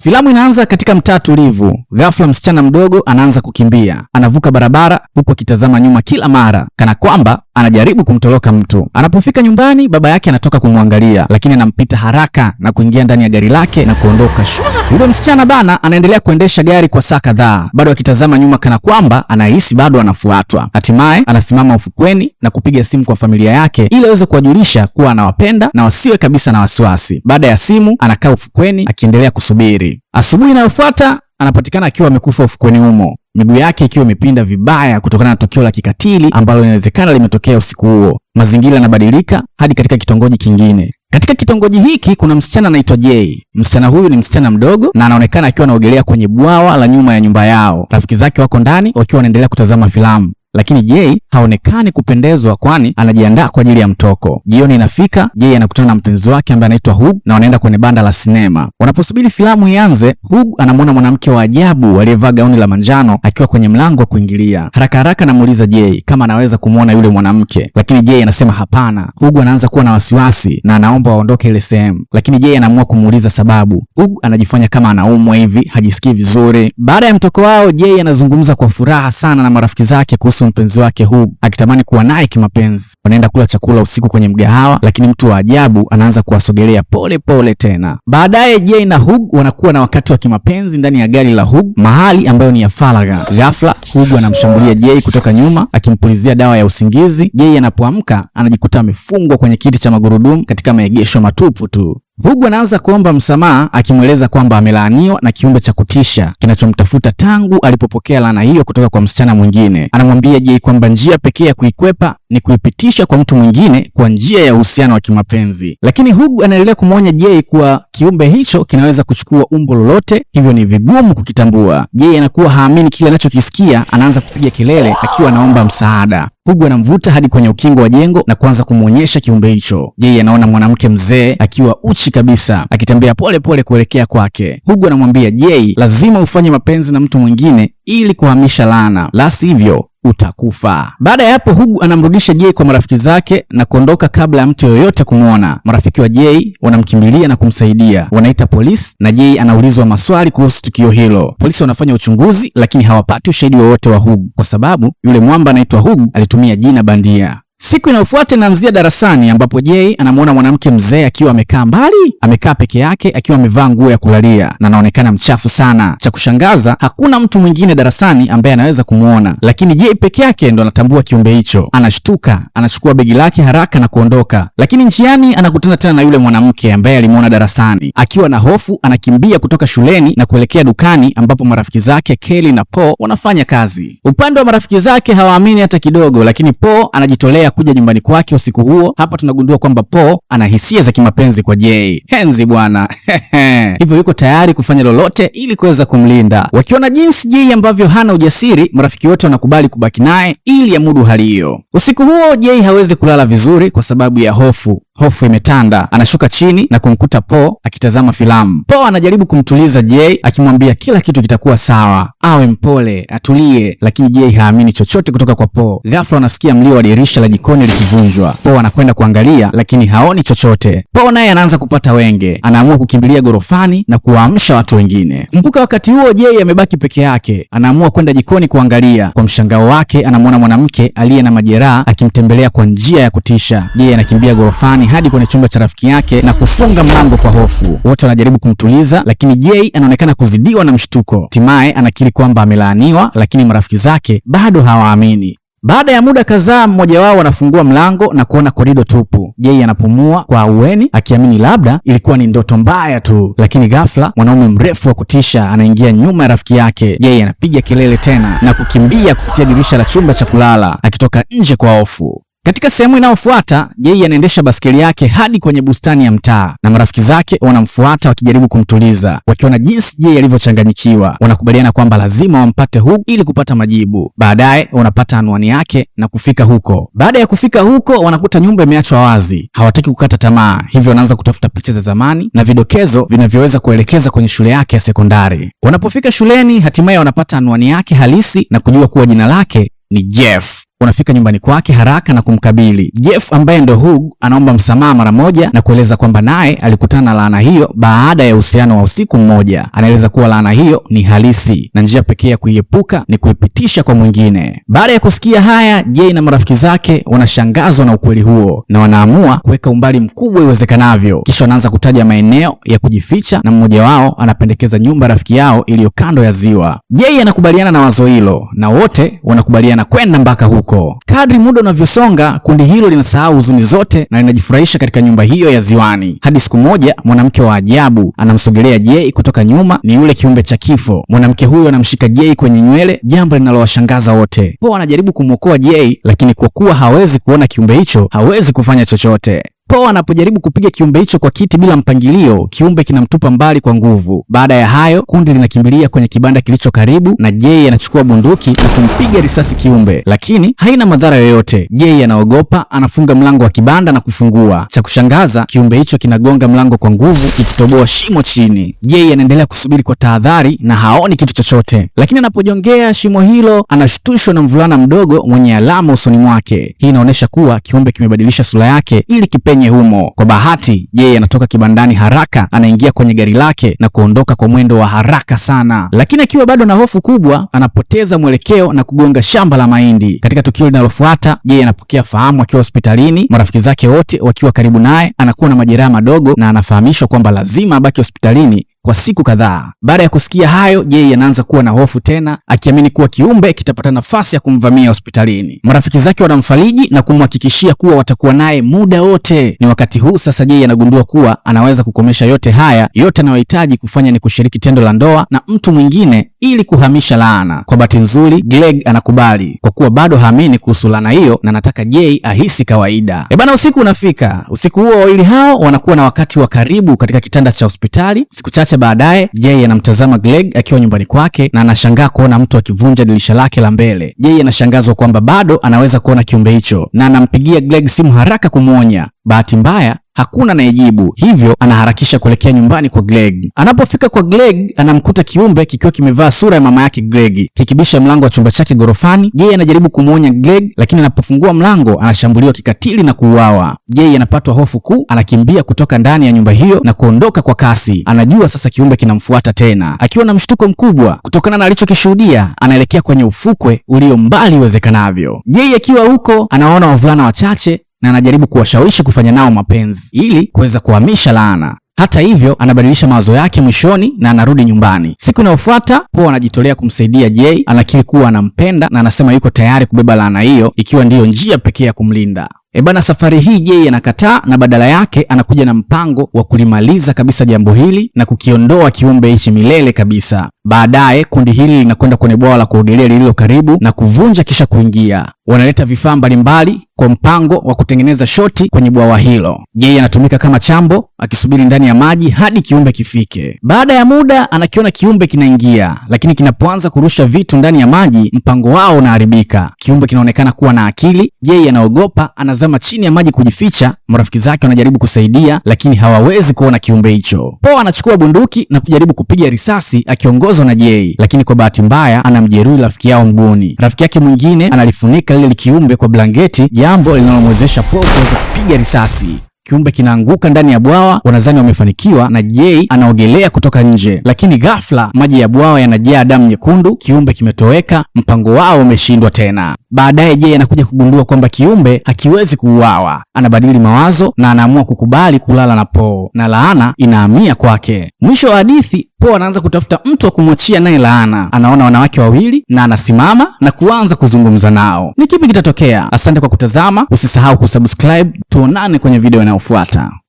Filamu inaanza katika mtaa tulivu. Ghafla msichana mdogo anaanza kukimbia, anavuka barabara huku akitazama nyuma kila mara, kana kwamba anajaribu kumtoroka mtu. Anapofika nyumbani, baba yake anatoka kumwangalia, lakini anampita haraka na kuingia ndani ya gari lake na kuondoka. Yule msichana bana anaendelea kuendesha gari kwa saa kadhaa, bado akitazama nyuma kana kwamba anahisi bado anafuatwa. Hatimaye anasimama ufukweni na kupiga simu kwa familia yake ili aweze kuwajulisha kuwa anawapenda na wasiwe kabisa na wasiwasi. Baada ya simu, anakaa ufukweni akiendelea kusubiri. Asubuhi inayofuata anapatikana akiwa amekufa ufukweni humo, miguu yake ikiwa imepinda vibaya kutokana na tukio la kikatili ambalo inawezekana limetokea usiku huo. Mazingira yanabadilika hadi katika kitongoji kingine. Katika kitongoji hiki kuna msichana anaitwa Jay. Msichana huyu ni msichana mdogo na anaonekana akiwa anaogelea kwenye bwawa la nyuma ya nyumba yao. Rafiki zake wako ndani wakiwa wanaendelea kutazama filamu lakini Jay haonekani kupendezwa, kwani anajiandaa kwa ajili ya mtoko. Jioni inafika, Jay anakutana na mpenzi wake ambaye anaitwa Hugh na wanaenda kwenye banda la sinema. Wanaposubiri filamu ianze, Hugh anamwona mwanamke wa ajabu aliyevaa gauni la manjano akiwa kwenye mlango wa kuingilia. Haraka haraka anamuuliza Jay kama anaweza kumwona yule mwanamke, lakini Jay anasema hapana. Hugh anaanza kuwa na wasiwasi na anaomba waondoke ile sehemu, lakini Jay anaamua kumuuliza sababu. Hugh anajifanya kama anaumwa hivi, hajisikii vizuri. Baada ya mtoko wao, Jay anazungumza kwa furaha sana na marafiki zake kuhusu mpenzi wake Hugh akitamani kuwa naye kimapenzi. Wanaenda kula chakula usiku kwenye mgahawa, lakini mtu wa ajabu anaanza kuwasogelea pole pole tena. Baadaye Jay na hug wanakuwa na wakati wa kimapenzi ndani ya gari la hug mahali ambayo ni ya faragha. Ghafla hug anamshambulia Jay kutoka nyuma akimpulizia dawa ya usingizi. Jay anapoamka anajikuta amefungwa kwenye kiti cha magurudumu katika maegesho matupu tu. Mbugu anaanza kuomba msamaha akimweleza kwamba amelaaniwa na kiumbe cha kutisha kinachomtafuta tangu alipopokea laana hiyo kutoka kwa msichana mwingine. Anamwambia Jay kwamba njia pekee ya kuikwepa ni kuipitisha kwa mtu mwingine kwa njia ya uhusiano wa kimapenzi. Lakini Hug anaendelea kumwonya Jay kuwa kiumbe hicho kinaweza kuchukua umbo lolote, hivyo ni vigumu kukitambua. Jay anakuwa haamini kile anachokisikia, anaanza kupiga kelele akiwa anaomba msaada. hug anamvuta hadi kwenye ukingo wa jengo na kuanza kumwonyesha kiumbe hicho. Jay anaona mwanamke mzee akiwa uchi kabisa akitembea pole pole kuelekea kwake. hug anamwambia Jay, lazima ufanye mapenzi na mtu mwingine ili kuhamisha laana, la sivyo utakufa. Baada ya hapo, Hugu anamrudisha Jay kwa marafiki zake na kuondoka kabla ya mtu yoyote kumwona. Marafiki wa Jay wanamkimbilia na kumsaidia, wanaita polisi na Jay anaulizwa maswali kuhusu tukio hilo. Polisi wanafanya uchunguzi, lakini hawapati ushahidi wowote wa Hugu kwa sababu yule mwamba anaitwa Hugu alitumia jina bandia. Siku inayofuata inaanzia darasani ambapo Jay anamwona mwanamke mzee akiwa amekaa mbali, amekaa peke yake akiwa amevaa nguo ya kulalia na anaonekana mchafu sana. Cha kushangaza, hakuna mtu mwingine darasani ambaye anaweza kumwona, lakini Jay peke yake ndo anatambua kiumbe hicho. Anashtuka, anachukua begi lake haraka na kuondoka, lakini njiani anakutana tena na yule mwanamke ambaye alimwona darasani. Akiwa na hofu, anakimbia kutoka shuleni na kuelekea dukani ambapo marafiki zake Kelly na Paul wanafanya kazi. Upande wa marafiki zake hawaamini hata kidogo, lakini Paul anajitolea ya kuja nyumbani kwake usiku huo. Hapa tunagundua kwamba Paul ana hisia za kimapenzi kwa Jay. Henzi bwana hivyo yuko tayari kufanya lolote ili kuweza kumlinda. Wakiona jinsi Jay ambavyo hana ujasiri, marafiki wote wanakubali kubaki naye ili amudu hali hiyo. Usiku huo Jay hawezi kulala vizuri kwa sababu ya hofu hofu imetanda. Anashuka chini na kumkuta Po akitazama filamu. Po anajaribu kumtuliza Jay akimwambia kila kitu kitakuwa sawa, awe mpole, atulie, lakini Jay haamini chochote kutoka kwa Po. Ghafla anasikia mlio wa dirisha la jikoni likivunjwa. Po anakwenda kuangalia, lakini haoni chochote. Po naye anaanza kupata wenge, anaamua kukimbilia gorofani na kuwaamsha watu wengine. Mpuka wakati huo Jay amebaki peke yake, anaamua kwenda jikoni kuangalia. Kwa mshangao wake, anamwona mwanamke aliye na majeraha akimtembelea kwa njia ya kutisha. Jay anakimbia gorofani hadi kwenye chumba cha rafiki yake na kufunga mlango kwa hofu. Wote wanajaribu kumtuliza, lakini Jay anaonekana kuzidiwa na mshtuko. Hatimaye anakiri kwamba amelaaniwa, lakini marafiki zake bado hawaamini. Baada ya muda kadhaa, mmoja wao anafungua mlango na kuona korido tupu. Jay anapumua kwa aueni, akiamini labda ilikuwa ni ndoto mbaya tu, lakini ghafla mwanaume mrefu wa kutisha anaingia nyuma ya rafiki yake. Jay anapiga kelele tena na kukimbia kupitia dirisha la chumba cha kulala akitoka nje kwa hofu. Katika sehemu inayofuata, Jay anaendesha baskeli yake hadi kwenye bustani ya mtaa na marafiki zake wanamfuata wakijaribu kumtuliza. Wakiona jinsi Jay alivyochanganyikiwa, wanakubaliana kwamba lazima wampate Hook ili kupata majibu. Baadaye wanapata anwani yake na kufika huko. Baada ya kufika huko, wanakuta nyumba imeachwa wazi. Hawataki kukata tamaa, hivyo wanaanza kutafuta picha za zamani na vidokezo vinavyoweza kuelekeza kwenye shule yake ya sekondari. Wanapofika shuleni, hatimaye wanapata anwani yake halisi na kujua kuwa jina lake ni Jeff unafika nyumbani kwake haraka na kumkabili Jeff, ambaye ndo hug anaomba msamaha mara moja na kueleza kwamba naye alikutana na laana hiyo baada ya uhusiano wa usiku mmoja. Anaeleza kuwa laana hiyo ni halisi na njia pekee ya kuiepuka ni kuipitisha kwa mwingine. Baada ya kusikia haya, Jay na marafiki zake wanashangazwa na ukweli huo na wanaamua kuweka umbali mkubwa iwezekanavyo. Kisha wanaanza kutaja maeneo ya kujificha na mmoja wao anapendekeza nyumba rafiki yao iliyo kando ya ziwa. Jay anakubaliana na wazo hilo na wote wanakubaliana kwenda mpaka huko ukoo. Kadri muda unavyosonga, kundi hilo linasahau huzuni zote na linajifurahisha katika nyumba hiyo ya ziwani, hadi siku moja mwanamke wa ajabu anamsogelea Jay kutoka nyuma. Ni yule kiumbe cha kifo. Mwanamke huyo anamshika Jay kwenye nywele, jambo linalowashangaza wote. Po anajaribu kumwokoa Jay, lakini kwa kuwa hawezi kuona kiumbe hicho, hawezi kufanya chochote. Po anapojaribu kupiga kiumbe hicho kwa kiti bila mpangilio, kiumbe kinamtupa mbali kwa nguvu. Baada ya hayo, kundi linakimbilia kwenye kibanda kilicho karibu na Jay anachukua bunduki na kumpiga risasi kiumbe, lakini haina madhara yoyote. Jay anaogopa, anafunga mlango wa kibanda na kufungua. Cha kushangaza, kiumbe hicho kinagonga mlango kwa nguvu, kikitoboa shimo chini. Jay anaendelea kusubiri kwa tahadhari na haoni kitu chochote, lakini anapojongea shimo hilo anashtushwa na mvulana mdogo mwenye alama usoni mwake. Hii inaonyesha kuwa kiumbe kimebadilisha sura yake ili kipenye kwenye humo. Kwa bahati, yeye anatoka kibandani haraka, anaingia kwenye gari lake na kuondoka kwa mwendo wa haraka sana, lakini akiwa bado na hofu kubwa, anapoteza mwelekeo na kugonga shamba la mahindi. Katika tukio linalofuata, yeye anapokea fahamu akiwa hospitalini, marafiki zake wote wakiwa karibu naye. Anakuwa na majeraha madogo na anafahamishwa kwamba lazima abaki hospitalini kwa siku kadhaa. Baada ya kusikia hayo, Jay anaanza kuwa na hofu tena, akiamini kuwa kiumbe kitapata nafasi ya kumvamia hospitalini. Marafiki zake wanamfariji na kumhakikishia kuwa watakuwa naye muda wote. Ni wakati huu sasa Jay anagundua kuwa anaweza kukomesha yote haya. Yote anayohitaji kufanya ni kushiriki tendo la ndoa na mtu mwingine ili kuhamisha laana. Kwa bahati nzuri, Greg anakubali kwa kuwa bado haamini kuhusu laana hiyo na anataka Jay ahisi kawaida. Ebana, usiku unafika. Usiku huo wawili hao wanakuwa na wakati wa karibu katika kitanda cha hospitali. Siku chache baadaye, Jay anamtazama Greg akiwa nyumbani kwake na anashangaa kuona mtu akivunja dirisha lake la mbele. Jay anashangazwa kwamba bado anaweza kuona kiumbe hicho na anampigia Greg simu haraka kumwonya. Bahati mbaya hakuna anayejibu, hivyo anaharakisha kuelekea nyumbani kwa Greg. Anapofika kwa Greg, anamkuta kiumbe kikiwa kimevaa sura ya mama yake Greg kikibisha mlango wa chumba chake gorofani. Jay anajaribu kumwonya Greg, lakini anapofungua mlango anashambuliwa kikatili na kuuawa. Jay anapatwa hofu kuu, anakimbia kutoka ndani ya nyumba hiyo na kuondoka kwa kasi. Anajua sasa kiumbe kinamfuata tena. Akiwa na mshtuko mkubwa kutokana na alichokishuhudia, anaelekea kwenye ufukwe ulio mbali iwezekanavyo. Jay akiwa huko, anaona wavulana wachache na anajaribu kuwashawishi kufanya nao mapenzi ili kuweza kuhamisha laana. Hata hivyo anabadilisha mawazo yake mwishoni na anarudi nyumbani. Siku inayofuata Po anajitolea kumsaidia Jay, anakiri kuwa anampenda na anasema yuko tayari kubeba laana hiyo ikiwa ndiyo njia pekee ya kumlinda. E bana, safari hii yeye anakataa na badala yake anakuja na mpango wa kulimaliza kabisa jambo hili na kukiondoa kiumbe hichi milele kabisa. Baadaye kundi hili linakwenda kwenye bwawa la kuogelea lililo karibu na kuvunja kisha kuingia. Wanaleta vifaa mbalimbali kwa mpango wa kutengeneza shoti kwenye bwawa hilo. Yeye anatumika kama chambo akisubiri ndani ya maji hadi kiumbe kifike. Baada ya muda, anakiona kiumbe kinaingia, lakini kinapoanza kurusha vitu ndani ya maji, mpango wao unaharibika. Kiumbe kinaonekana kuwa na akili. Yeye anaogopa ana anazama chini ya maji kujificha. Marafiki zake wanajaribu kusaidia, lakini hawawezi kuona kiumbe hicho. Po anachukua bunduki na kujaribu kupiga risasi akiongozwa na Jay, lakini kwa bahati mbaya anamjeruhi rafiki yao mguuni. Rafiki yake mwingine analifunika lile kiumbe kwa blanketi, jambo linalomwezesha Po kuweza kupiga risasi kiumbe kinaanguka ndani ya bwawa, wanadhani wamefanikiwa, na Jay anaogelea kutoka nje, lakini ghafla maji ya bwawa yanajaa damu nyekundu. Kiumbe kimetoweka, mpango wao umeshindwa tena. Baadaye Jay anakuja kugundua kwamba kiumbe hakiwezi kuuawa. Anabadili mawazo na anaamua kukubali kulala na Po, na laana inahamia kwake. Mwisho wa hadithi, Po anaanza kutafuta mtu wa kumwachia naye laana. Anaona wanawake wawili na anasimama na kuanza kuzungumza nao. Ni kipi kitatokea? Asante kwa kutazama, usisahau kusubscribe. Tuonane kwenye video na unaofuata.